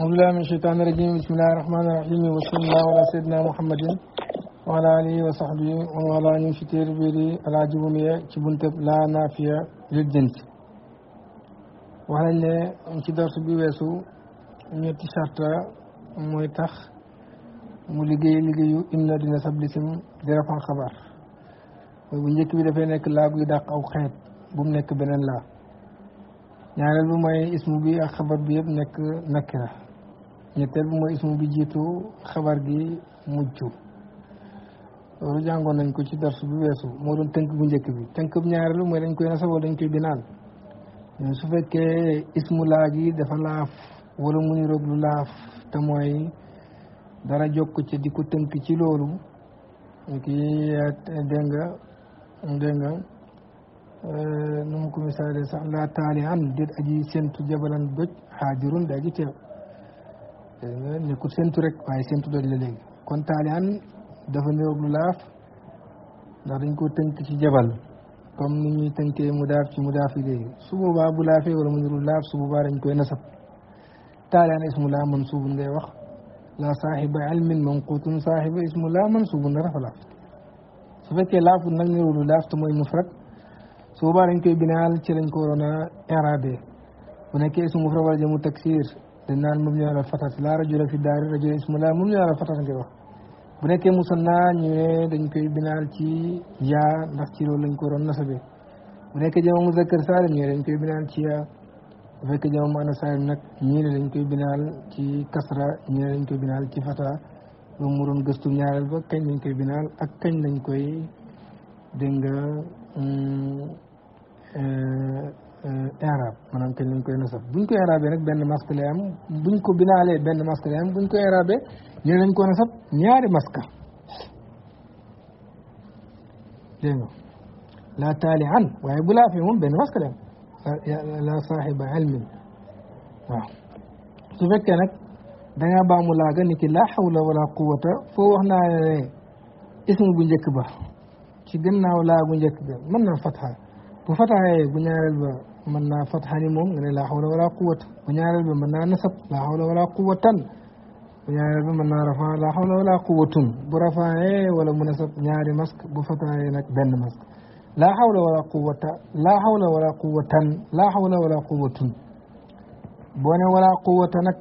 أعوذ بالله من الشيطان الرجيم بسم الله الرحمن الرحيم وصلى الله على سيدنا محمد وعلى آله وصحبه وعلى آله في تربيري على جبنية كبنتب لا نافية للجنس وعلى الله أنك دار سبي ويسو ميتي شرطة ميتخ مليجي لجيو إن لدينا سبلسم درفع خبر ونجيك بدفينك لا قيدك أو خيط بمنك بنا الله ñaaral bi mooy ismu bi ak xabar bi yëpp nekk nekk la ñetteel bi mooy ismu bi jiitu xabar gi mujj loolu jàngoon nañ ko ci darsu bi weesu moo doon tënk bu njëkk bi tënk bu ñaareelu mooy dañ koy nasaboo dañ koy binaal su fekkee ismu laa gi dafa laaf wala mu ni roog lu laaf te mooy dara jokk ci di tënk ci loolu kii dégg nga dégg nga eh, nu mu ko misaalee sax laa taali an déet aji sentu jabalan doj xaajirun daa ji teew Euh, nekkul séntu rek waaye séntu doj la kon taaliyaan dafa néew lu laaf ndax dañ koo tënk ci jabal comme ni ñuy tënkee mu daaf ci mu daaf yi léegi su boobaa bu laafee wala mu nirul laaf su boobaa dañ koy nasab taaliyaan ismu laa mansuubun ngay wax la saaxiba ilmin manquutun saaxiba ismu laa mansuubun nga dafa laaf su fekkee laafut nag nirul lu laaf te mooy mufrad su boobaa binaal ci lañ ko waroon a iraabe bu nekkee ismu mufrad wala jëmu taksiir dañ naan mum ñu ala fatat la rajula fi daari rajula ismullah mum ñu fatat ngay bu nekkee musanna ñu ne dañ koy binaal ci yaa ndax ci lool lañ ko waroon nasabe bu nekkee jama muzakkar saalim ñu ne dañ koy binaal ci bu fekkee jama muannas saalim nag ñii dañ koy binaal ci kasra ñii ne koy binaal ci fata loolu mu doon gëstu ñaareel ba kañ koy binaal ak kañ lañ koy dégg nga mm, euh, irab eh, maanaam kañ lañ koy nasab buñ ko irabee nag benn masque lay am buñ ko binaalee benn masque lay am buñ ko irabee ñu lañ ko nasab ñaari masque dégg nga laa taali an waaye bu laa fi moom benn masque lay am la saaxiba ilmin waaw su fekkee nag dangaa baamu laaga ni ki laa xawla wala quwata foo wax naa ne ism bu njëkk ba ci gannaaw laa bu njëkk ba mën na fatxa bu fatxaye bu ñaareel ba mën naa fatxani moom nga ne laa xawla wala quwata bu ñaareel bi mën naa nasab laa xawla wala quwatan bu ñaareel bi mën naa rafaa laa xawla wala quwatun bu rafaaye wala mu nasab ñaari masque bu fataaye nag benn masque laa xawla wala quwata laa xawla wala quwatan laa xawla wala quwatun boo ne wala quwata nag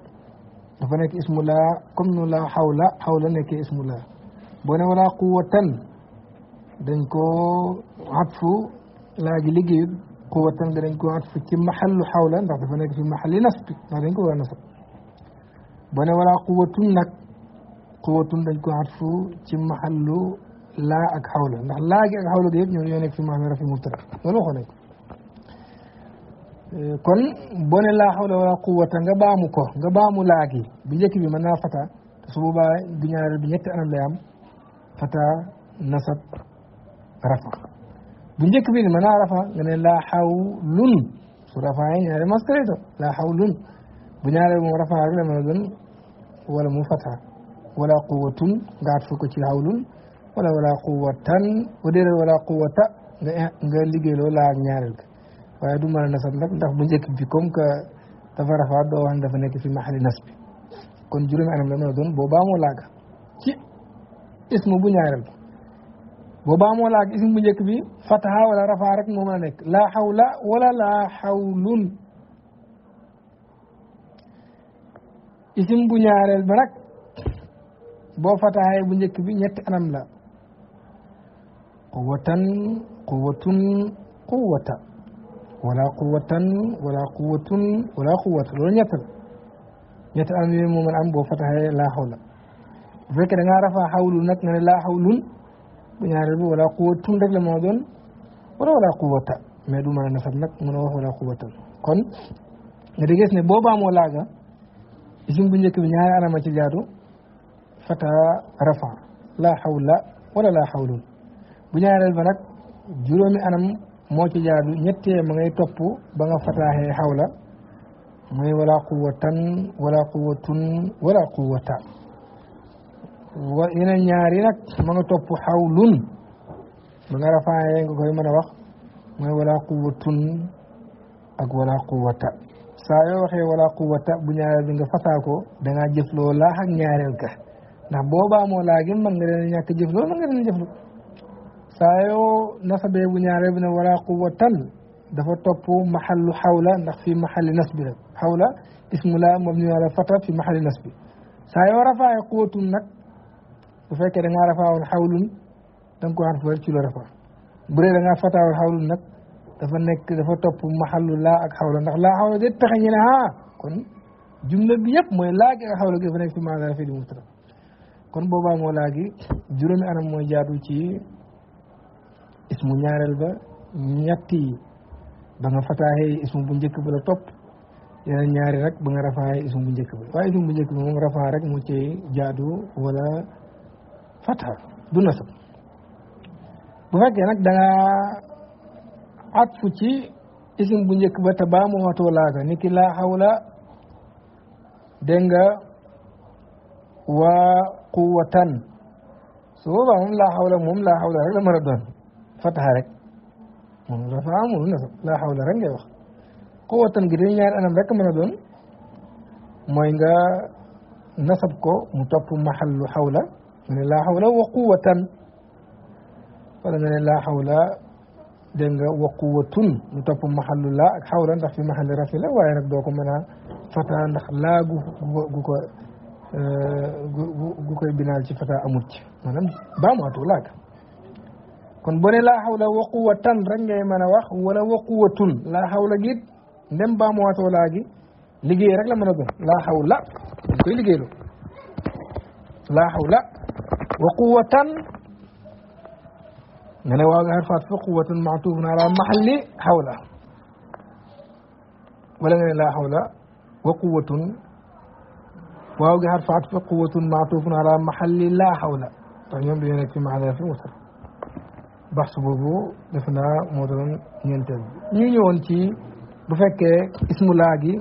dafa nekk ismu laa comme nu laa xawla xawla nekk ismu laa boo ne wala quwatan dañ ko xatfu laa gi liggéeyut quwatan danañ ko at fi ci maxallu xawla ndax dafa nekk fi maxalli nasbi ndax dañ ko war a nasab boo ne wala quwatun nag quwatun dañ ko at fu ci maxallu laa ak xawla ndax laa gi ak xawla gi yëpp ñoo ñoo nekk fi maanaam rafi mubtada loolu waxoon nañ ko eh, kon boo ne laa xawla wala quwata nga baamu ko nga baamu laa gi bi njëkk bi mën naa fata te su boobaa bi ñaareel bi ñetti anam lay am fata nasab rafa bu njëkk bi ni mën laa xaw lun su rafaa yi ñaare maskare to laa xaw lun rafaa rek la wala mu fata wala quwatun nga at ko ci xaw lun wala wala quwatan wa déedéet wala quwata nga e, nga liggéeyloo laa ak ñaareel ka waaye du mën a nasab nag ndax bu njëkk bi comme que dafa rafaa dafa nekk fi maxali nas bi kon juróomi anam la mën boo baa moo laaga ci ismu bu boobaa moo laa isim bu bi fata wala rafa rek moo mën a laa xawla wala laa xawlun isim bu ñaareel ba nag boo fatahaye bu njëkk bi ñetti anam la quwatan quwata wala quwatan wala quwatun wala quwata loolu ñett la ñetti anam yooyu moo mën a am boo fatahaye xawla bu fekkee da rafa xawlu nag nga ne laa xawlun ñaarel bi wala quwa tundak le moo ɗon wala wala quwata mais ɗuma nafat nag mëna wax wala quwata kon nga da gis ne booba moo laaga isum bu njëkk bi ñaari anama ci jaatu fata rafa la xawla wala la xawlul bu ñaareel ba nag juróomi anam moo ci jaadu ñettee ma ngay topp ba nga fataaxee xawla mooy wala quwatan wala quwatun wala quwata wa ina ñaari nag ma nga topp xawlun ma nga rafaayee nga koy mën a wax mooy wala quwatun ak wala quwata saa yoo waxee wala quwata bu ñaareel bi nga fasaa ko da ngaa jëfloo laax ak ñaareel ka ndax boobaa moo laa gi mën nga leen ñàkk jëfloo mën nga leen jëflu saa yoo nasabee bu ñaareel bi ne wala quwatan dafa topp maxallu xawla ndax fi maxalli nasbi la xawla ismu laa mabni ala fata fi maxalli nasbi saa yoo rafaayee quwatun nag bu fekkee da ngaa rafaawal xawlun da nga ko harfal ci lu rafa bu dee da ngaa fataawal xawlun nag dafa nekk dafa topp maxallu laa ak xawla ndax laa xawla day tax ñu ne ah kon jumla bi yëpp mooy laa gi ak xawla gi dafa nekk ci maanaam fi di mutara kon boobaa moo laa gi juróomi anam mooy jaadu ci ismu ñaareel ba ñetti ba nga fataaxee ismu bu njëkk ba la topp yeneen ñaari rek ba nga rafaaxee ismu bu njëkk ba waaye ismu bu njëkk ba moom rafaa rek mu ci jaadu wala fatha du nasab bu fekkee nag da nga atfu isim bu njëkk ba te baa mu watoo laaga ni ki laa xawla dégg nga waa quwatan su boobaa moom laa xawla moom rek la mën a doon fatha rek moom dafa amul nasab laa xawla rek ngay wax gi dañu ñaari rek mën a doon mooy nga nasab ko mu topp maxallu xawla nga ne xawla wa quwatan wala nga ne laa xawla dégg nga wa quwatun mu topp maxallu laa ak xawla ndax fi maxalli rafi la waaye nag doo ko mën a fata ndax laa gu gu ko gu koy binaal ci fata amut ci maanaam baamuwaatu laag kon boo ne laa xawla wa quwatan rek ngay mën a wax wala wa quwatun laa xawla gi it ndem baamuwaatoo laa gi liggéey rek la mën a doon laa xawla dañ koy liggéeyloo laa xawla wa quwatan nga ne waaw arfaat fa quwatun maatubun ala mahalli hawla wala nga ne laa hawla wa quwatun waaw gi arfaat fa quwatun maatubun ala mahalli laa hawla ndax ñoom dañoo nekk ci maanaam fi musal baax su boobu def naa moo doon ñeenteel ñu ñëwoon ci bu fekkee ismu laa gi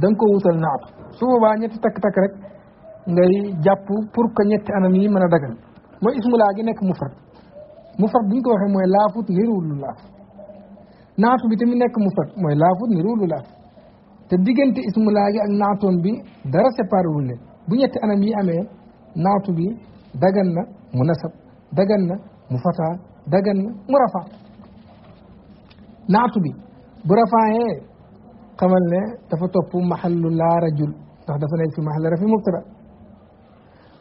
da nga ko wutal naab su boobaa ñetti takk-takk rek ngay jàpp pour que ñetti anam yi mën a dagal mooy ismu laa nekk mufrad mufrad bu ñu ko waxee mooy laafut niruwul lu laaf naatu bi tamit nekk mufrad mooy laafut niruwul lu laaf te diggante ismu laa ak naatoon bi dara séparé wul bu ñetti anam yi amee naatu bi dagan na mu nasab dagan na mu fataa dagan mu rafa naatu bi bu rafaayee xamal ne dafa topp maxallu laa rajul ndax dafa nekk fi maxal rafi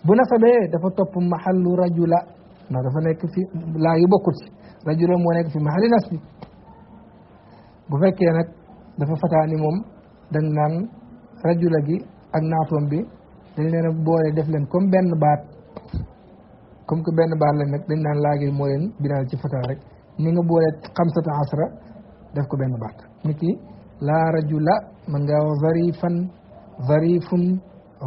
بنفده dafa top mahallu rajula na dafa nek fi la yu bokul ci rajula mo nek fi mahalli nasbi bu fekke nak dafa fatani mom dañ nan rajula gi ak natom bi dañ leena boole def len comme ben baat comme ko ben baat la nak dañ nan la gi mo len binal ci fatar rek ni nga boole khamsata asra def ko ben baat niki la rajula man nga zarifan zarifun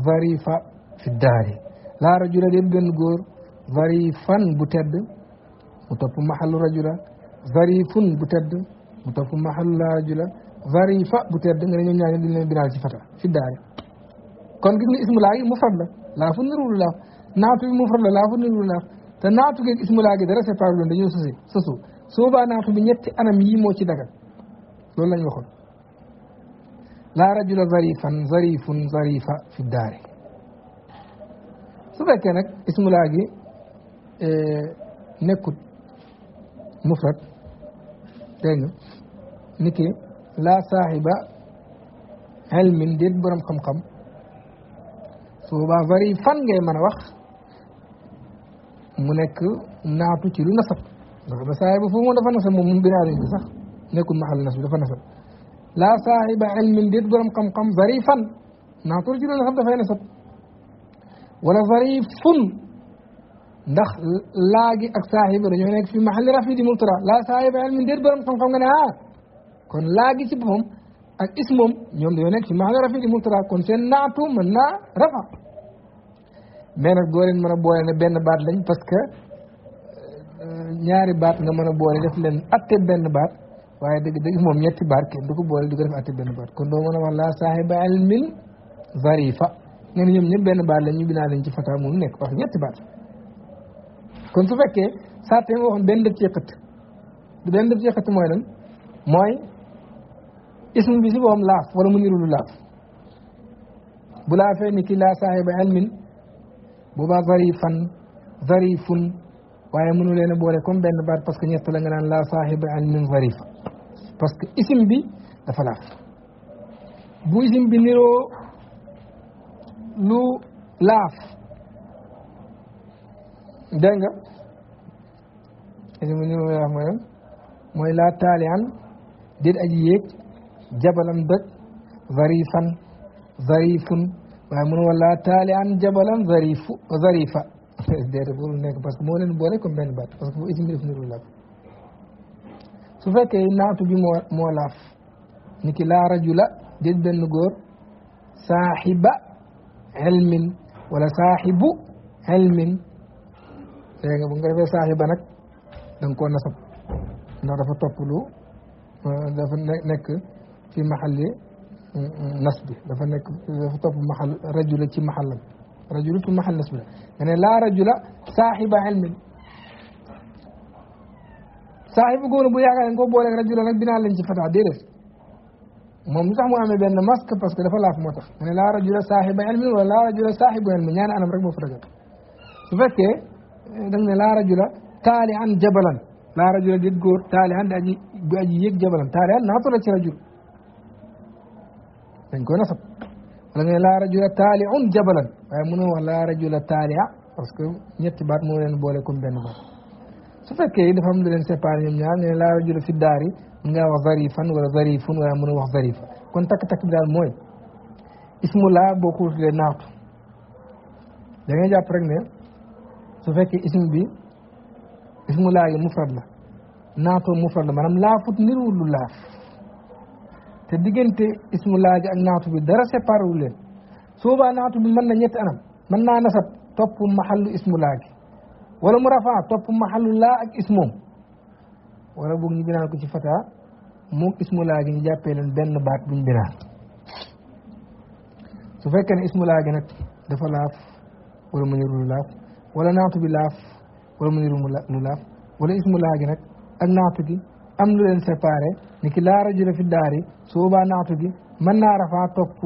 zarifa fi dari laa rajula déet benn góor zarifan bu tedd mu topp maxallu rajula zarifun bu tedd mu topp maxallu laa rajula zarifa bu tedd nga ne ñoom ñaar dañ leen binaal ci fata fi daari kon gis nga ismu laa gi mufrad la laa fu nirul laaf naatu bi mufrad la laa fu nirul laaf te naatu geeg ismu laa gi dara séparé loon dañoo sose sosu soobaa naatu bi ñetti anam yii moo ci dagal loolu lañ waxoon laa rajula zarifan zarifun zarifa fi daari su fekkee nag ismulaa gi e, nekkut mufrad dégg nga ni ki laa saaxiba ilmin déet borom xam-xam su boobaa bari fan ngay mën a wax mu nekk naatu ci lu nasab ndax ba saaxiba foofu moom dafa nasab moom moom binaa léegi sax nekkul maxal nasab dafa nasab laa saaxiba ilmin déet borom xam-xam bari naatu ci nasab dafay nasab wala zarifun ndax laagi ak saaxiba dañoo nekk fi maxalli raf yi di mubtara laa saaxiba ilmin déet borom xam-xam nga ne ah kon laagi ci boppam ak ismoom ñoom dañoo nekk fi maxalli raf yi di mubtara kon seen naatu mën naa rafa mais nag doo leen mën a boole ne benn baat lañ parce que ñaari baat nga mën a boole def leen atte benn baat waaye dëgg dëgg moom ñetti baat kenn du ko boole di ko def atte benn baat kon doo mën a wax laa saaxiba ilmin zarifa nee ñom ñoom ñëpp benn baat lañu bina lañ ci fata mu nekk wax ñetti baat kon su fekke sa te nga waxoon ben dëf cee xëtt benn dëf ci xëtt moy lan moy ism bi si boppam laaf wala mu nirul lu laaf bu fe ni ki la laa saaxiba bu ba zarifan zarifun waye mënu leen boole comme ben baat parce que ñett la nga naan la saaxiba elmin zarif parce que ism bi dafa laaf bu ism bi niroo lu laaf dégg nga ismu lu la mooy mooy laa taalian déet aji yéeg jabalam zarifun waaye mun wa laa taalian jabalan zarifu zarifa déet boobu boole comme benn baat parce que naatu bi moo laaf ni ki laa rajula déet benn góor saaxiba ilmin wala saaxibu ilmin dégg nga bu nga defee saaxiba nag da nga koo nasab ndax dafa topp lu dafa nekk fi maxalli nas bi dafa nekk dafa topp maxal rajula ci maxallam rajula fi maxal nas bi la nga ne laa rajula saaxiba ilmin saaxibu góor bu yaakaar ne ko booleeg rajula nag binaa lañ ci fataa déedéet mom lu tax mu amee benn masque parce que dafa laf motax tax la ne laa rajula saaxiba ilmin wala laa rajula sahibu ilmi ñaan anam rek mo fa dëgg su fekkee eh, dañ né la laa rajula taali an jabalan laa rajula dit goor taali an dañi du aji yëg jabalan taali an naatu la ci rajul dañ koy nasab wala né la laa rajula taali un jabalan waaye mënoo wax laa rajula taalia parce que ñetti baat mo leen boole comme benn baat su fekkee dafa am lu leen séparé ñoom ñaar nga ne laa rajula fi daari نعم ظريفا ولا ظريف ولا من وح ظريف كنت تكتك بدال موي اسم الله بوكو في النعط لأن جاء برغم سوفيك اسم بي اسم الله مفرد لا نعط مفرد مرام لا فوت نيرو لولا تدقين تي اسم الله جاء نعط بي درسة بارو لين سوبا نعط بي من نيت أنا من نانسب توب محل اسم الله ولا مرافعة توب محل لا اسمه ولا بوغي بنا كنت فتاة moo ismulaa gi ñu jàppee leen benn baat buñ biraa su fekkee ne ismulaa gi nag defa laaf wala mu niru lu laaf wala naatu bi laaf wala mu niru lu wala ismulaa gi nag ak naatu gi am lu leen séparé ni laa rajula fi daari su boobaa naatu gi mën naa rafaa topp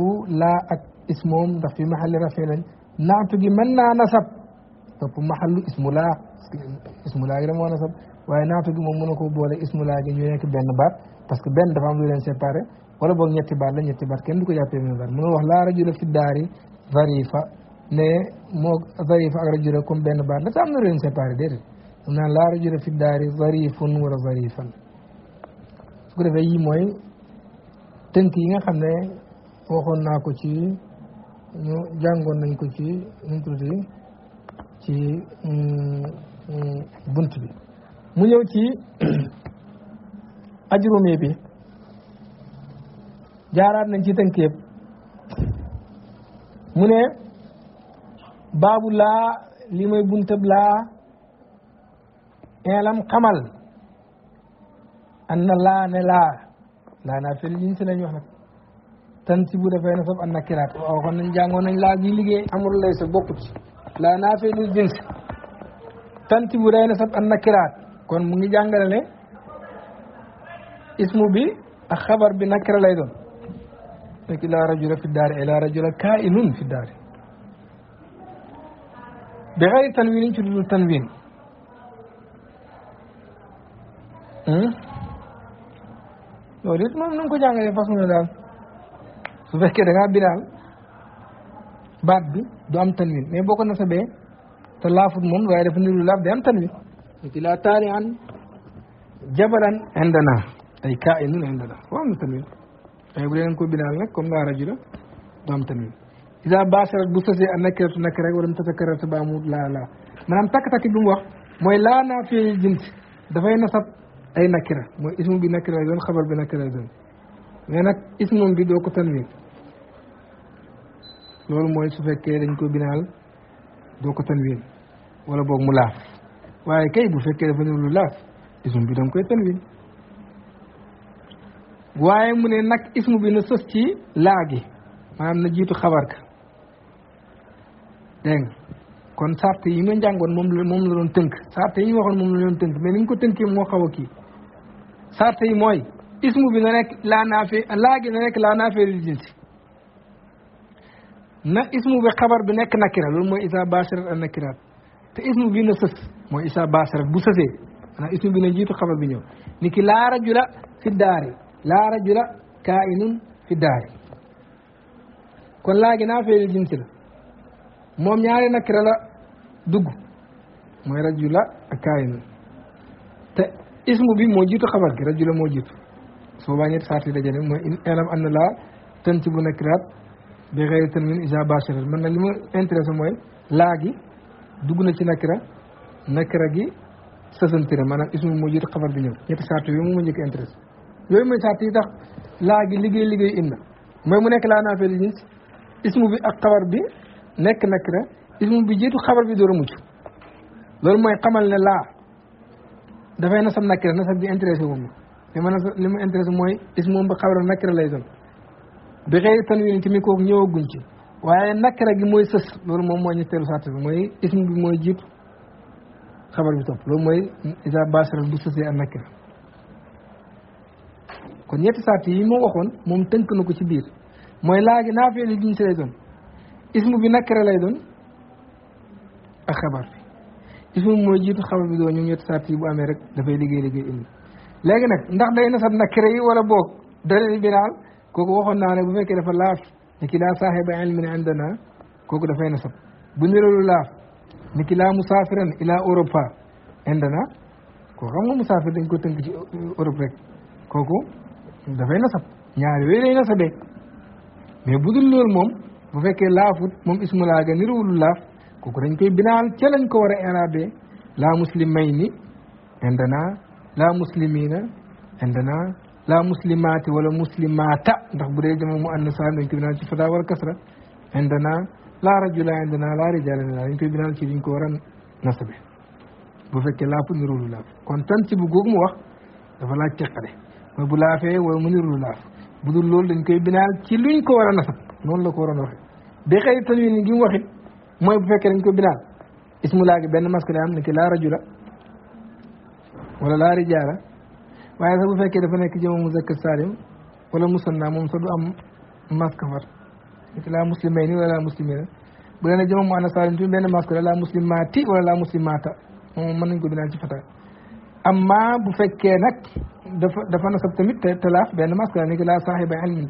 laa ak ismoom ndax na maxalli rafee naatu gi mën naa nasab topp maxallu ismulaa ismulaa gi dama nasab waaye naatu gi moom mën na boole ismulaa gi ñu benn baat parce que benn dafa am lu leen séparé wala boog ñetti baat la ñetti baat kenn du ko jàppee benn baat mënoo wax laa rajula fi daari zarifa ne moo zarifa ak rajula comme benn baat la am na lu leen séparé déedéet am naan laa rajula fi daari zarifun wala zarifan su ko defee yi mooy yi nga xam ne waxoon naa ko ci ñu jàngoon nañ ko ci ñu ci mm, mm, bunt mu ñëw ci ajurumi bi jaaraat nañ ci tënk yëpp mu ne baabu laa li may buntab laa eelam xamal an na laa ne laa laa naa fel liñ si lañ nag tan si dafay na sof an kiraat waxoon nañ jàngoon nañ laa gi liggéey amul lay sa bokku ci laa naa felul jins tan si day na sof an kiraat kon mu ngi jàngale ne ismu bi ak xabar bi nakira lay doon rek ila rajula fi daari ila rajula kainun fi daari bi xayri tanwin yi ci dudul tanwin hmm? loolu it moom nu ko jàngalee façon la daal su fekkee da ngaa binaal baat bi du am tanwin mais boo ko nasabee te laafut moom waaye dafa niru laaf day am tanwin ila taari an jabaran indana ay kaa'inun indana wa am na tamit ay bu dee dañ ko binaal nag comme naa rajula du am tamit ida baasarat bu sësee a nakkiratu nakk rek wala mu tatakaratu ba amul laa laa maanaam takk-takk bi mu wax mooy laa naa fee jint dafay nasab ay nakira mooy ismu bi nakira lay doon xabar bi nakira lay doon mais nag ismum bi doo ko tanwin loolu mooy su fekkee dañ ko binaal doo ko tanwin wala boog mu laaf waaye kay bu fekkee dafa ñëw lu laaf ismum bi da nga koy tanwin waaye mu ne nag ismu bi na sës ci laa gi na jiitu xabar ka dégg nga kon sart yi ma jàngoon moom la moom la doon tënk sarte yi ñu waxoon moom la doon tënk mais ni ko ko tënkee moo xaw a kii sart yi mooy ismu bi na nekk laa naafee laa gi na nekk laa naafee li jinsi na ismu bi xabar bi nekk nakira loolu mooy isa basharat ak nakiraat te ismu bi na sës mooy isa basharat bu sësee maanaam ismu bi na jiitu xabar bi ñëw ni ki laa rajula fi daari laa rajula kaa'inun fi daari kon laa gi naa feeli jinsi la moom ñaari nakira la dugg mooy rajula ak kaa'inun te ismu bi moo jiitu xabar gi rajula moo jiitu soo baa ñetti saati dajale mooy ilam am na laa tën bu nakiraat bi xëyri tan min isa basharat man nag li ma intéressé mooy laa dugg na ci nakira nakira gi sësantira maanaam moo jiitu xabar gi ñëw ñetti saatu yi mu ma njëkk intéressé yooyu mooy sart yi tax laa gi liggéey liggéey inna mooy mu nekk laa naafeelu jins ismu bi ak xabar bi nekk nakira ismu bi jiitu xabar bi door a mucc loolu mooy xamal ne laa dafay nasab nakira nasab bi intéressé wu ma li ma nasab li ma intéressé mooy ismu bi xabar nakira lay doon bi xëy tanwin ci mi kooku ñëwaguñ ci waaye nakira gi mooy sës loolu moom moo ñetteelu sart bi mooy ismu bi mooy jiitu xabar bi topp loolu mooy isa basaral bu sësee ak nakira kon ñetti sart yi ma waxoon moom tënk na ko ci biir mooy laagi naafee li jinsi lay doon ismu bi nakara lay doon ak xabar bi ismu mooy jiitu xabar bi doon ñoom ñetti sart yi bu amee rek dafay liggéey liggéey indi léegi nag ndax day nasab nakara yi wala boog dalil binaal kooku waxoon naa ne bu fekkee dafa laaf ni ki laa saaxiba ilmin indana kooku dafay nasab bu niroolu laaf ni ki laa musaafiran ilaa Europa indana koo xam nga musaafir dañ ko tënk ci Europe rek kooku dafay nasab ñaari yooyu lay nasabee mais bu dul loolu moom bu fekkee laafut moom ismu laa ga niruwul laaf kooku dañ koy binaal ca lañ ko war a irabee laa muslimayni indana laa muslimina indana laa muslimaati wala muslimaata ndax bu dee jama mu anna saam dañ koy binaal ci fata wala kasra indana laa rajula indana laa rijala indana dañ koy binaal ci liñ ko war a nasabee bu fekkee laafut niruwul laaf kon tan ci bu googu mu wax dafa laaj teqale bu laafee wala mu nirul laaf bu dul loolu dañ koy binaal ci luñ ko war a nasab noonu la ko waroon a bi xëy tanwin ni gi mooy bu fekkee dañ koy binaal ismu laa gi benn masque la am ni ki laa rajula wala laa rijaala waaye sax bu fekkee dafa nekk jëma muzakkar saalim wala musanna moom sax du am masque far ni ki laa muslimayni wala laa muslimina bu dee ne jëma mu ana saalim tamit benn masque la laa muslimaati wala laa muslimaata moom mën nañ ko binaal ci fata amma bu fekkee nag dafa dafa nasab tamit te te laaf benn masque la ni ki laa saaxiba ilmin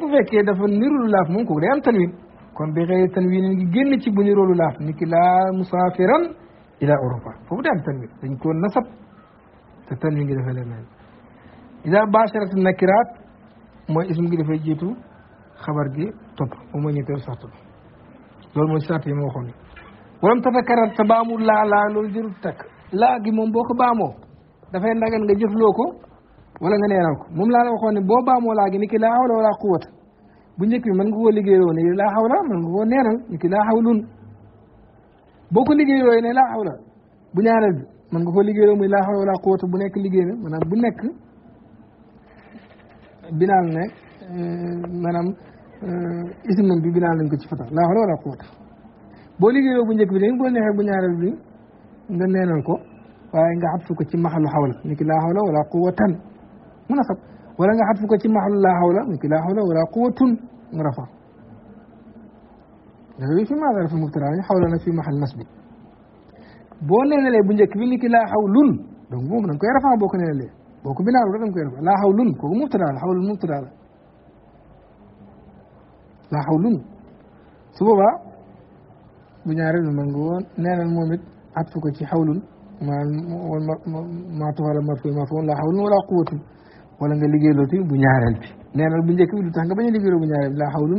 bu fekkee dafa nirulu laaf moom kooku day am tanwin kon bi xëy tanwin ngi génn ci bu niroolu laaf ni ki laa musaafiran ila Europa foofu day am tanwin dañ ko nasab te tanwin ngi dafa leneen ida baasharat nakiraat mooy ism gi dafay jiitu xabar gi topp moom mooy ñetteelu saxtu loolu mooy sart yi ma waxoon walam tatakarar te baamul laa laa loolu jërul takk laa gi moom boo ko baamoo dafay ndagal nga jëfloo ko wala nga neenal ko moom laa la waxoon ne boo baamoo laa gi ni laa hawla wala quwwata bu njëkk bi mën koo liggéeyoo ne laa hawla mën nga koo boo ko liggéeyoo ne bu ñaareel bi mën nga koo liggéeyoo muy laa bu nekk liggéey na bu nekk binaal ne euh, maanaam euh, ismam bi binaal neexee bu ñaareel bi nga neenal ko waaye nga xatfu ko ci maxalu xawla ni ki laa xawla wala quwatan mun a xab wala nga xatfu ko ci maxalu laa ki laa xawla wala quwatun mu rafa loolu fi maa dara xawla nag fi maxal nasbi boo neenalee bu njëkk bi ni ki laa xawlun donc boobu da nga koy rafa boo ko neenalee boo ko binaaru rek xawlun kooku la xawlun mubtara la bu ñaareel bi mën nga woon neenal moom ci xawlun maa ma tafala marfu marfu la hawlun wala quwwatun wala nga liggéeylooti bu ñaareel bu njëkk bi du tax nga bañ a liggéeyloo bu ñaareel bi la hawlun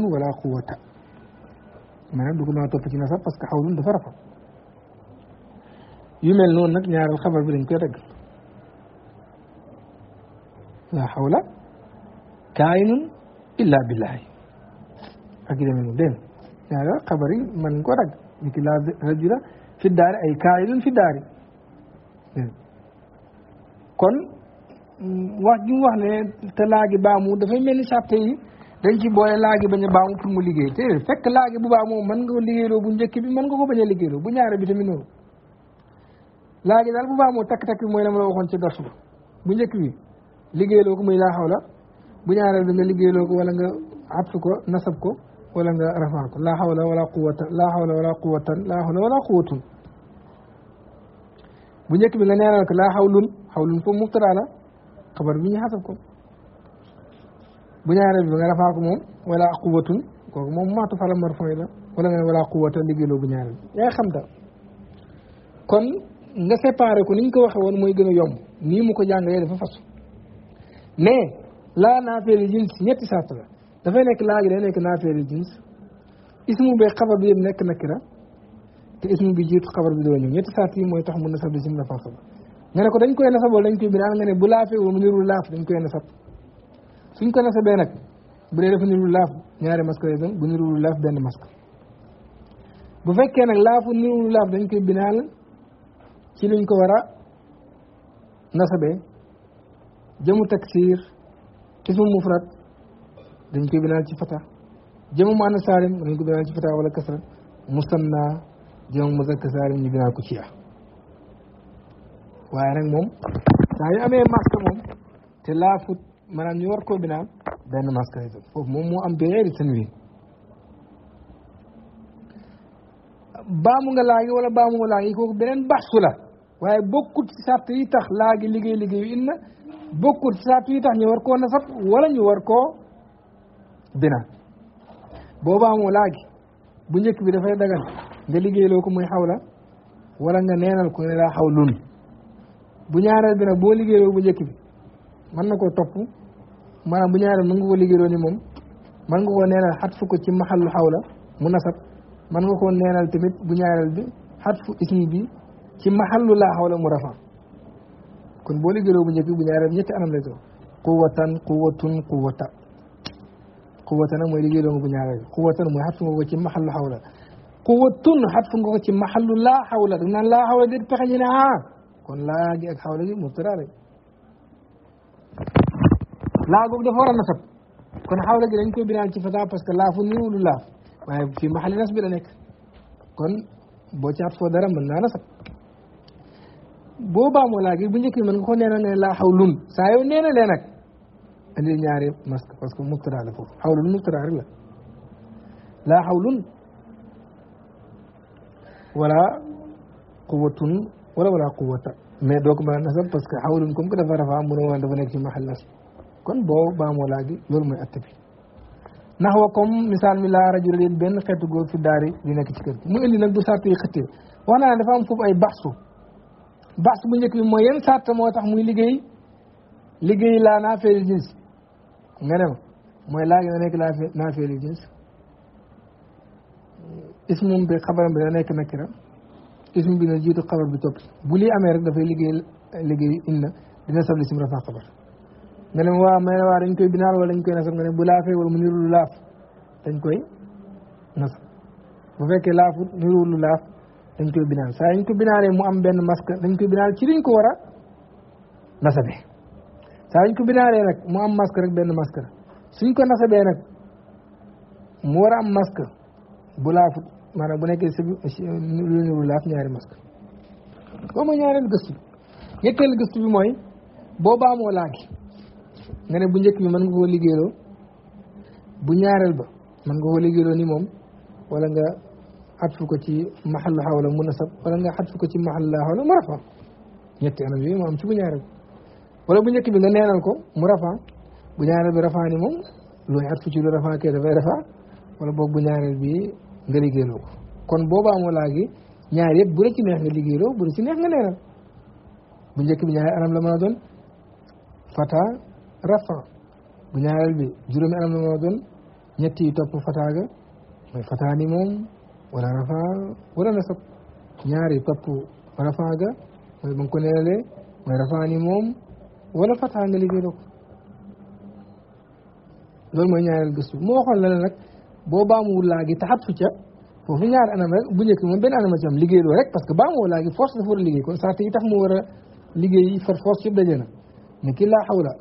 ci nasab parce que hawlun dafa rafa yu mel noonu nag ñaareel xabar bi dañ koy dagg la hawla kaayinun illa billahi ak yu demee noonu dégg nga ñaareel xabar mën ko dagg ni la rajula fi daari ay kaayinun fi daari Hmm. kon wax ju mu wax ne te laagi baamu dafay mel ni sàtte yi dañ ci boole laagi bañ a baamu pour mu liggéey te fekk laagi bu baamoo man nga ko liggéeyloo bu njëkk bi man nga ko bañ a liggéeyloo bu ñaare bi tamit noonu laagi daal bu baamoo takk-takk bi mooy la la waxoon ci dars bu njëkk bi liggéeyloo ko muy laa xaw la bu ñaareel bi nga liggéeyloo ko wala nga abtu ko nasab ko wala nga rafaa ko laa xawla wala quwatan laa xawla wala quwatan laa xawla wala quwatun bu njëkk bi nga neenal ko laa xawlun xawlun foofu mubtada la xabar bi ñu xasab ko bu ñaareel bi nga rafaa ko moom wala quwatun kooku moom maatu fala marfooy la wala nga ne wala quwata liggéeyloo bu ñaareel yaa xam ta kon nga séparé ko ni ñu ko waxee woon mooy gën a yomb nii mu ko jàngalee dafa fasu mais laa naafeeli jins ñetti sart la dafay nekk laa gi day nekk naafeeli jins ismu bee xabar bi yëpp nekk nakira الاسم بيجي في قبر بدو نيو نيت ساتي موي تخ مو نصب الاسم فاصل نانا كو دنج كو نصب ولا نكو بيران غاني بلا في ومنير الله دنج كو نصب سن كو نصب نك بري ريف نير الله نيار ماسك ريزن بنير الله بن ماسك بو فكي نك لاف نير الله دنج كو بينال سي لنج كو ورا نصبه جمو تكسير اسم مفرد دنج كو بينال سي فتا جمو مانسارم دنج كو بينال سي فتا ولا كسر مصنع jëm muzakkar saalim ñu gënaa ko ci yaa waaye nag moom saa yu amee moom te laafut maanaam ñu war koo binaa benn masque moom moo am béykat yi seen wiin baamu nga laagi wala baamu nga laagi beneen baxsu waaye bokkut ci sart yi tax laagi liggéey liggéey yu inna bokkut ci sart yi tax ñu war koo nasab wala ñu war koo bina boo baamu laagi bu njëkk bi dafay dagan nga liggéeyloo ko muy xawla wala nga neenal ko ne laa xawlun bu ñaareel bi nag boo liggéeyloo bu njëkk bi mën na koo topp maanaam bu ñaareel mën nga ko liggéeyloo ni moom mën nga koo neenal xatfu ko ci maxallu xawla mu nasab mën nga koo neenal tamit bu ñaareel bi xatfu ismi bi ci maxallu laa xawla mu rafa kon boo liggéeyloo bu njëkk bi bu ñaareel ñetti anam lay doon quwatan quwatun quwata quwata nag mooy liggéeyloo nga bu ñaareel bi quwatan mooy xatfu nga ko ci maxallu xawla قوتن حد فنگو چی محل لا حول دنا لا حول دیر پخینا كون لا جي اك حول دي مستراري لا گوب دي فورا نصب كون حول دي نكو بيران چي فتا باسكو لا فنيو لا واي في محل نصب لا نيك كون بو چات فو من نصب بوبا مولا گي من كون نينا لا حولن سايو نينا لي نك اندي نياري مست باسكو مستراري فو لا لا حولن wala quwatun wala wala quwata mais doo ko mën a nasab parce que xawlun comme que dafa rafa mu ne nekk ci maxal nas kon boo baamoo laa gi loolu mooy ndax wa comme misaal mi laa rajo leen benn xeetu góor fi daari di nekk ci kër mu indi nag du sart yi xëttee wax naa ne dafa am foofu ay baxsu baxsu bu njëkk bi mooy yenn sart moo tax mu liggéey liggéey laa naafeelu mooy laa jins ismum bi xabaram bi da nekk nakira ism bi na jiitu xabar bi topp bu lii amee rek dafay liggéey liggéey inna dina sabli sim rafa xabar nga ne waa ma ne waa dañ koy binaal wala dañ koy nasab bu laafee wala mu niru lu laaf dañ koy fekkee laafut niru lu laaf dañ koy binaal saa ñu ko binaalee mu am benn masque dañ koy binaal ci liñ ko war a nasabee saa ñu ko binaalee nag mu am masque rek benn masque la suñ ko nasabee nag mu war am masque bu laafut maanaam bu nekkee lu niru laaf ñaari masque boo mooy ñaareel mooy boo baamoo laagi nga ne bu njëkk bi mën nga koo liggéeyloo bu ñaareel ba mën nga koo liggéeyloo ni moom wala nga xatfu ko ci la xawla munasab wala nga xatfu ko ci maxallu xawla mu rafa ñetti anam yooyu moo ci bu ñaareel wala bu njëkk bi nga neenal ko mu rafa bu ñaareel bi rafa ni moom looy ci lu rafa kee dafay rafa wala boog bu ñaareel bi nga liggéeyloo ko kon boobaa moo laa ñaar yëpp bu la neex nga bu ci neex nga leeral bu njëkk bi ñaari anam la mën doon fata rafa bu ñaareel bi juróomi anam la mën a doon ñetti yi topp mooy fata moom wala rafa ñaari topp rafa ga mooy ba mooy ni moom wala fata nga liggéeyloo ko loolu mooy ñaareel gëstu moo waxoon la nag boo baamuwul laa gi taxat fu ca foofu ñaari anam rek bu njëkk moom benn anam ci liggéey loo rek parce que baamuwoo laa gi force dafa war a liggéey kon sart yi tax mu war liggéey force yëpp daje na ni ki laa xawla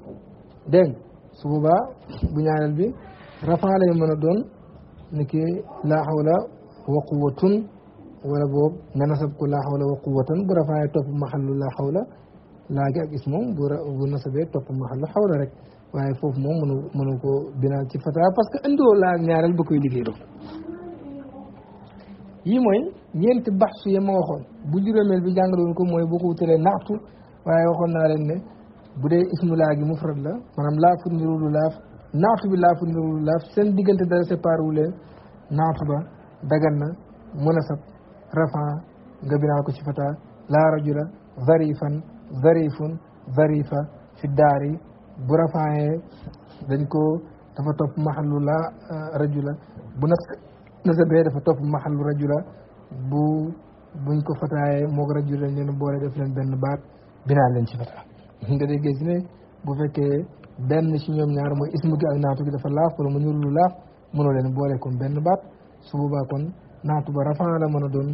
dégg nga su boobaa bu ñaareel bi rafan lay mën a doon ni ki laa xawla wa quwatun wala boobu nga nasab ko laa xawla wa quwatan bu rafaanee topp maxallu la xawla laa gi ak is moom bu bu nasabee topp maxallu xawla rek waaye foofu moom mënu mënu ko binaa ci fata parce que indiwoo laa ak ñaareel ba koy liggéey do yi mooy ñeenti baxsu ya ma waxoon bu juróomeel bi jàngaloon ko mooy boo ko wutalee naxtu waaye waxoon naa leen ne bu dee ismu laa gi mufrad la maanaam laafu nirulu laaf naatu bi laafu nirulu laaf seen diggante dara séparé wu leen naatu ba dagan na munasab rafan nga binaa ko ci fata laa rajula zarifan zarif zarifa fi daari bu rafaaye dañ ko dafa topp maxallu la rajula bu nas nasabee dafa topp bu buñ ko fataaye moog rajula leen boole def leen benn baat binaa leen ci fataa nga day gis ne bu fekkee benn ci ñoom ñaar mooy ismu gi ak naatu gi dafa laaf wala mu ñuul lu laaf mënoo leen boole kon benn baat su boobaa kon naatu ba rafaa la mën a doon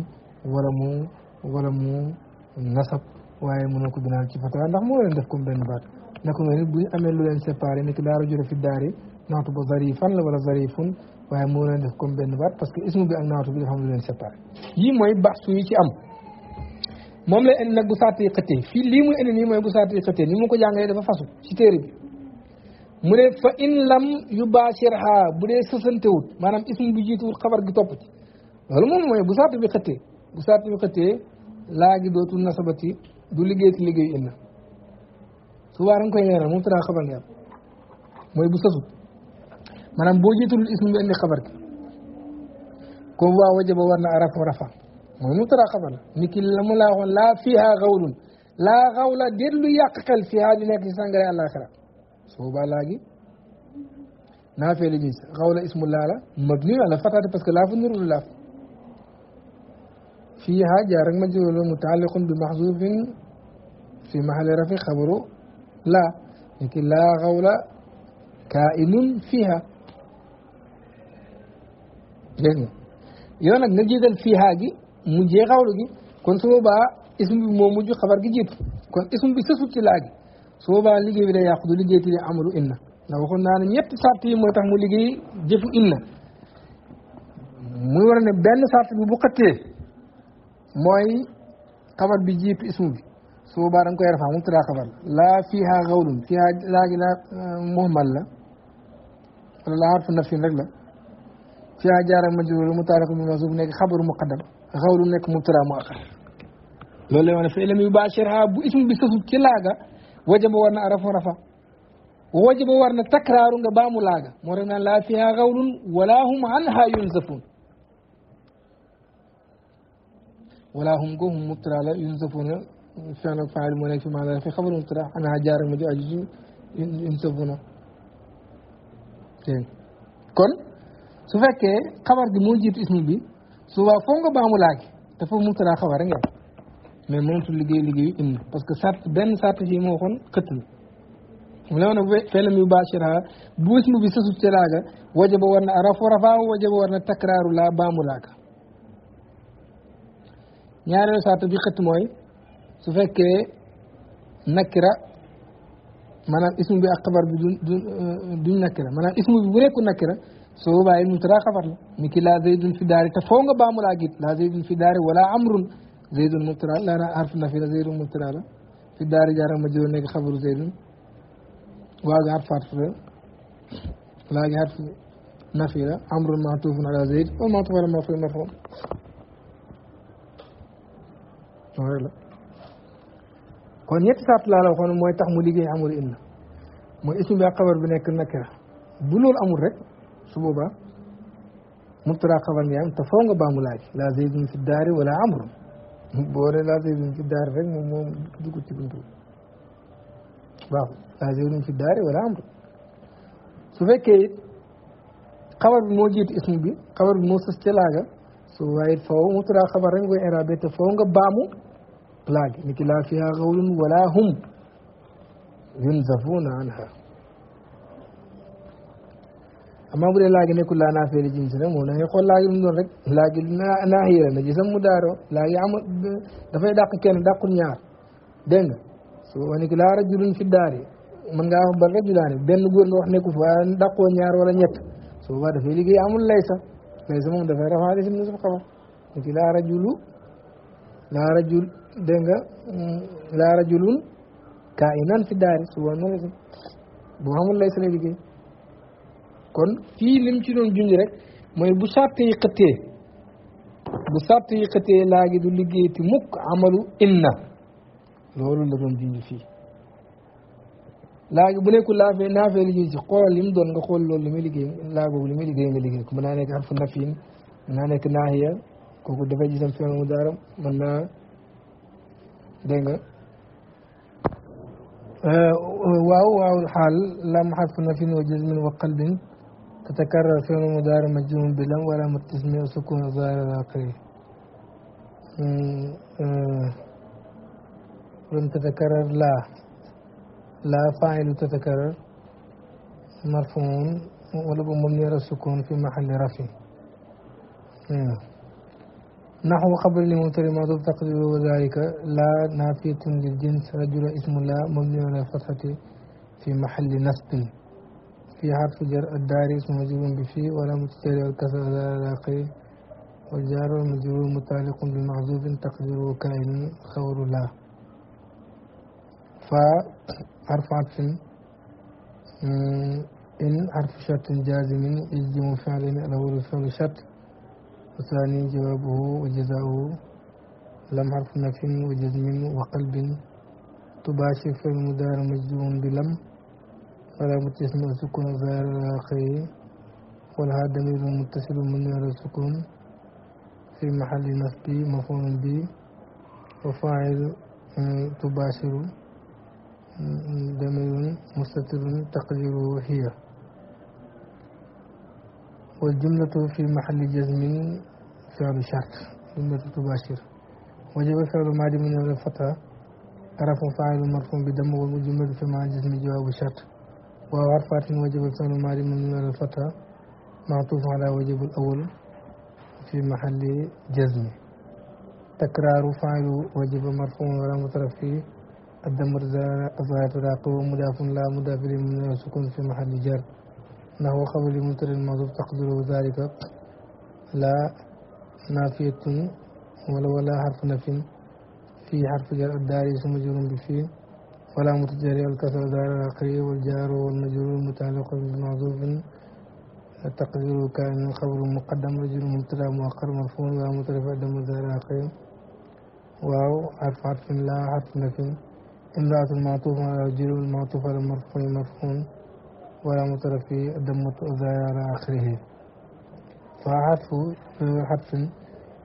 wala mu wala mu nasab waaye mënoo ko binaal ci fatwa ndax mo leen def comme ben baat nako noonu bu ñu amee lu leen séparé nek ki daa fi daari naatu bu zarifan la wala zarifun waye mo leen def comme ben baat parce que ismu bi ak naatu bi xam lu leen séparé yi moy baxtu yi ci am mom la en nag bu saat fi li mu en ni moy bu saat yi ni mu ko jàngalee dafa fasu ci téré bi mu ne fa in lam yubashirha bu de sesante wut manam ismu bi jitu xabar gi top ci loolu mom moy bu saat bi xëttee bu saat bi xëttee laa dootul nasabati du liggéey ci liggéeyu illa subaa da nga koy leeral mubtada xabar nga am mooy bu sësu maanaam boo jiitalul ism nga indi xabar gi comme waa wajaba war na arafu rafa mooy mubtada xabar la ni ki mu laa laa fiiha xawlun laa xawla déet lu yàq xel fiiha di nekk ci sàngare àllaaxira subaa laa gi naa fee la xawla ismu laa mabni ala fataati parce que laa fa nurul laa فيها جار مجرور متعلق بمحذوف في محل رفع خبره لا لكن لا غول كائن فيها جزم يوم نجد فيها جي مجي غول جي كون سوبا اسم مو مجو خبر جي جيت كون اسم بي سسوت لاجي سوبا ليغي بي دا ياخذ ليغي تي عملو ان دا waxon na ñett sarti moy tax mu liggey jëfu inna muy wara ne mooy xabar bi jiitu ismu bi su boobaa da nga koy rafaa mubtada xabar laa fiihaa xawlun fiihaa laa gi laa uh, muhmal la wala laa harfu nafsin rek la fiihaa jaara majruur mutaariku bi mansuub nekk xabaru muqaddam xawlu nekk mubtada mu axar loolu lay wane fa lam yubaashirhaa bu ismu bi sësu ci laaga wajaba war na arafu rafa wajaba war na takraaru nga baamu laaga moo tax naan laa fiihaa xawlun wala hum anhaa yunzafuun wala hum go hum mubtara la yunsafuna fi'l ak faa'il moo nekk fi maanaam fi xabar mubtara anaa jaar ma ji aju ci yunsafuna kon su fekkee xabar gi moo jiitu ismu bi souvent foog nga baamu laaj te foofu mubtara xabar rek nga mais mënatul liggéey liggéeyu indi parce que sart benn sart yi moo waxoon xëtt na mu lew na felam yu baasira bu ismu bi sësu ci laaga wajaba war na rafu rafaa wajaba war na takraaru laa baamu laaga ñaareelu saatu bi xëtt mooy su fekkee nakira maanaam ismu bi ak xabar bi du duñ nakira maanaam ismu bi bu nekku nakira soo boobaa it tara xabar la mi ki laa zaydun fi daari te foo nga baamu laa git laa zaydun fi daari wala amrun zaydun mutara laa naa harfu nafi la zaydun mutara la fi daari jaara majruur nekk xabaru zaydun waa gi harfu harfu la laa gi na fi la amrun maatufun ala zayd wala maatuf ala marfu marfu noonu rek la kon waxoon mooy tax mu liggéey amul inna mooy ismu bi ak xabar bi nekk nakira bu loolu amul rek su boobaa mubtada xabar ngay am te foo laaj la zaydun fi daari wala amrun boo nee laa zaydun fi daari rek moom moom wala amrun su fekkee xabar bi moo jiitu ismu bi xabar bi moo sës laaga su waaye it foo mubtada xabar rek nga koy érabé te foo الإطلاق لكن لا فيها غول ولا هم ينزفون عنها amma bu dee laagi nekkul laa naa feere jinsi nag moom dañuy xool laagi lu mu doon rek laagi naa naa xiira na gisam mu daaro laagi amul dafay dàq kenn dàqul ñaar dégg nga su boobaa ni ki laa rajulun fi daari mën ngaa wax ba rajulaani benn góor nga wax nekku fa waaye dàqoo ñaar wala ñett su boobaa dafay liggéey amul laysa laysa moom dafay rafaale si mu ne sa xabar ni ki laa rajulu laa rajul dégg nga laa rajulun kaa inan fi daari suba na la si bu xamul lay liggéey kon fii lim ci doon rek mooy bu sàtte yi xëttee bu sàtte yi xëttee du liggéey ti mukk amalu inna loolu la doon junj fii laa gi bu nekkul laa fee naa fee doon nga xool loolu li muy liggéey laa googu li muy liggéey nga liggéey ko mën naa nekk xarfu nafiin mën naa nekk naahiya dafay gisam feeñ mu daaram naa دينغ nga euh, waaw waaw xaal lam xarf hmm, euh, na وقلب تتكرر في مدار مجزوم بلم ولا متسمع سكون ظاهر الآخرين لم تتكرر لا لا فاعل تتكرر مرفوع ولب مبني على السكون في محل رفع نحو خبر لمنكر المعذوب تقدير وذلك لا نافية للجنس رجل اسم لا مبني على الفتحة في محل نصب في حرف جر الدار اسم مجرور بفي ولا متسارع الكسر على العلاقي والجار المجرور متعلق بمعذوب تقديره كائن خور لا ف حرف عطف إن حرف شرط جازم يجزم فعل الأول فعل شرط والثاني جوابه وجزاؤه لم حرف نف وجزم وقلب تباشر في المدار مجزوم بلم ولا متسم سكون غير الآخر ولها دليل متصل من غير السكون في محل نصب مفعول به وفاعل آه، تباشر آه، دمير مستتر تقديره هي والجملة في محل جزم فعل شرط جملة تباشر وجب فعل ما من الفتحة عرف فاعل مرفوع بدم والجملة في محل جزم جواب شرط وعرفات وجب فعل ما من الفتحة معطوف على وجب الأول في محل جزم تكرار فاعل وجب مرفوع ولا مطرف فيه الدم الظاهر راقب ومضاف لا مدافر من السكون في محل جر له خبر المبتدا المعذوف تقدر ذلك لا نافية ولا ولا حرف نفي في حرف جر الداري اسم مجرور بفي ولا متجري الكسر دار الآخر والجار والمجرور المتعلق بمعذوف تقدير كان الخبر مقدم رجل مبتلى مؤخر مرفوع لا مترفع دم دار الآخر واو حرف حرف لا حرف نفي امرأة المعطوف على رجل المعطوف على مرفوع مرفوع ولا مطر فيه الدم الزايا على آخره فعرف حرف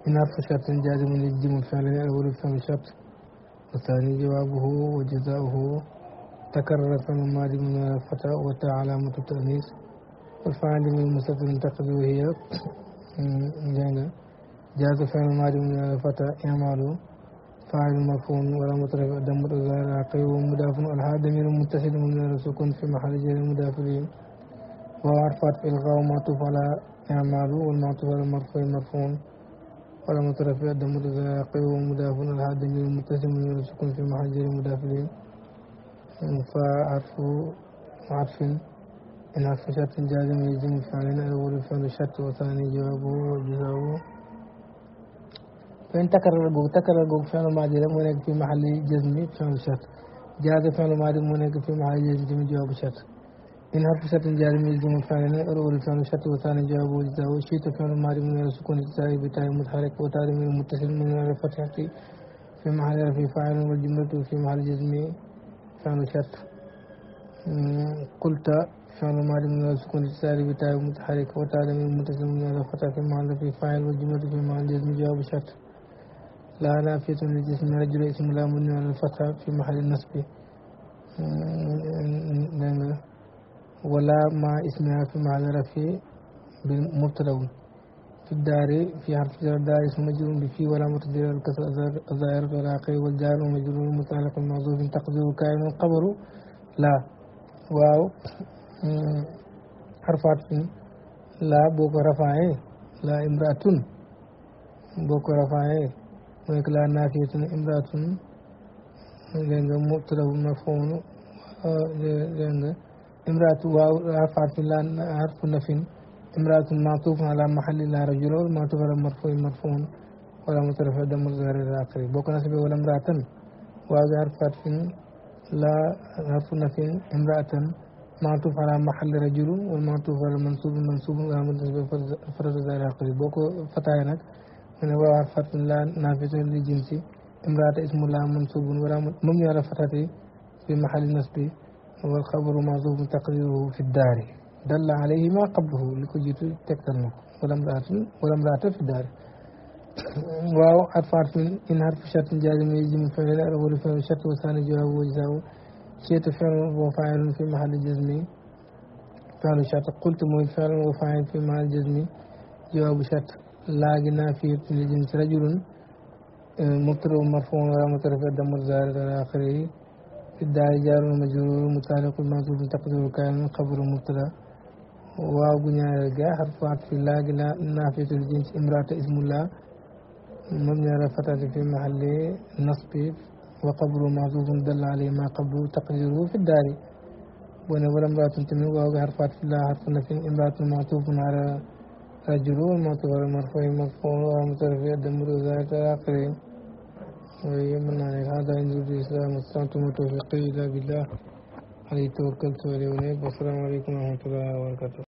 إن حرف شرط جازم يجزم الفعل الأول بسبب الشرط والثاني جوابه وجزاؤه تكرر فعل الماضي من الفتاة وتاء علامة التأنيث والفعل من المستتر ينتقد وهي جاز فعل الماضي من الفتاة يعمل فاعل مرفوع ولا مترف أدم الظاهر العقيب ومدافع الحاد من المتحد من سكون في محل جر مضاف وعرفت في الغاء معطوف على اعمال والمعطوف على المرفوع مرفوع ولا مترف أدم الظاهر العقيب ومدافع الحاد من المتحد من سكون في محل جر مضاف اليه فعرف عرف إن عرف شرط جازم يجزم فعلنا أول فعل الشرط وثاني جوابه وجزاؤه فإن تكرر جوج تكرر جوج فعل ماضي لم هناك في محل جزم فعل شرط جاز فعل ماضي لم هناك في محل جزم جواب شرط إن حرف شرط فعل نه أو أول فعل شرط وثاني جواب وجزاء شيت فعل ماضي لم من سكون الجزائي بتاء متحرك وتاء من متصل من الفتح في محل رفع فاعل والجملة في محل جزم فعل شرط قلت فعل ماضي من السكون الجزائي بتاء متحرك وتاء من متصل من الفتح في محل رفع فاعل والجملة في محل جزم جواب شرط لا لا في نافية للجسم رجل اسم لا من الفتح في محل النصب ولا ما اسمها في محل رفع بالمبتدا في الدار في حرف جر دار اسم مجرور بفي ولا متجر الكسر في والعاقل والجار مجرور متعلق موظوف تقدير كائن قبر لا واو حرف عطف لا بوك رفعه لا امرأة بوك رفعه ويكلا نافية امرأة لأن مبتدا مفعول لأن امرأة واو حرف حرف نف امرأة معطوف على محل لا رجل والمعطوف على مرفوع مرفوع ولا مترفع دم الظاهر إلى آخره بوك نسبه ولا امرأة واو حرف حرف لا حرف نف امرأة معطوف على محل رجل والمعطوف على منصوب منصوب ولا مترفع فرد الظاهر إلى آخره بوك فتاة من هو فتح الله نافذ للجنس امرأة اسم الله منصوب ولا مبني على فتحته في محل نصب والخبر معظوم تقريره في الدار دل عليه ما قبله لكجيت تكتنه ولم رأت ولا امرأة في الدار واو أطفال من إن حرف شرط جازم يجي من فعل الأول فعل شرط وثاني جواب وجزاو شيت فعل وفاعل في محل جزم فعل شرط قلت مو فعل وفاعل في محل جزم جواب شرط laa gi naa fi yëpp li jins rajulun mubtada marfuun wala mutarafa damar zaarat ala axiri fi daari jaarun majruur mutaaliqun mansuubun taqdiru kaamin xabaru mubtada waaw gu ñaareel ga xarfu atfi laa gi naa fi tul jins imraata ismullah مبني على فتحة في محل نصب وقبر معذوف دل عليه ما قبله تقديره في الدار ونقول امرأة تمن وهو حرف في الله حرف نفي امرأة معطوف على رجلون معتبر مرفوع مقبول مترفع ضمير زائد آخره ويمنع هذا إن وجد الإسلام استعنت توفيقي إلا بالله عليه توكلت وعليه والسلام عليكم ورحمة الله وبركاته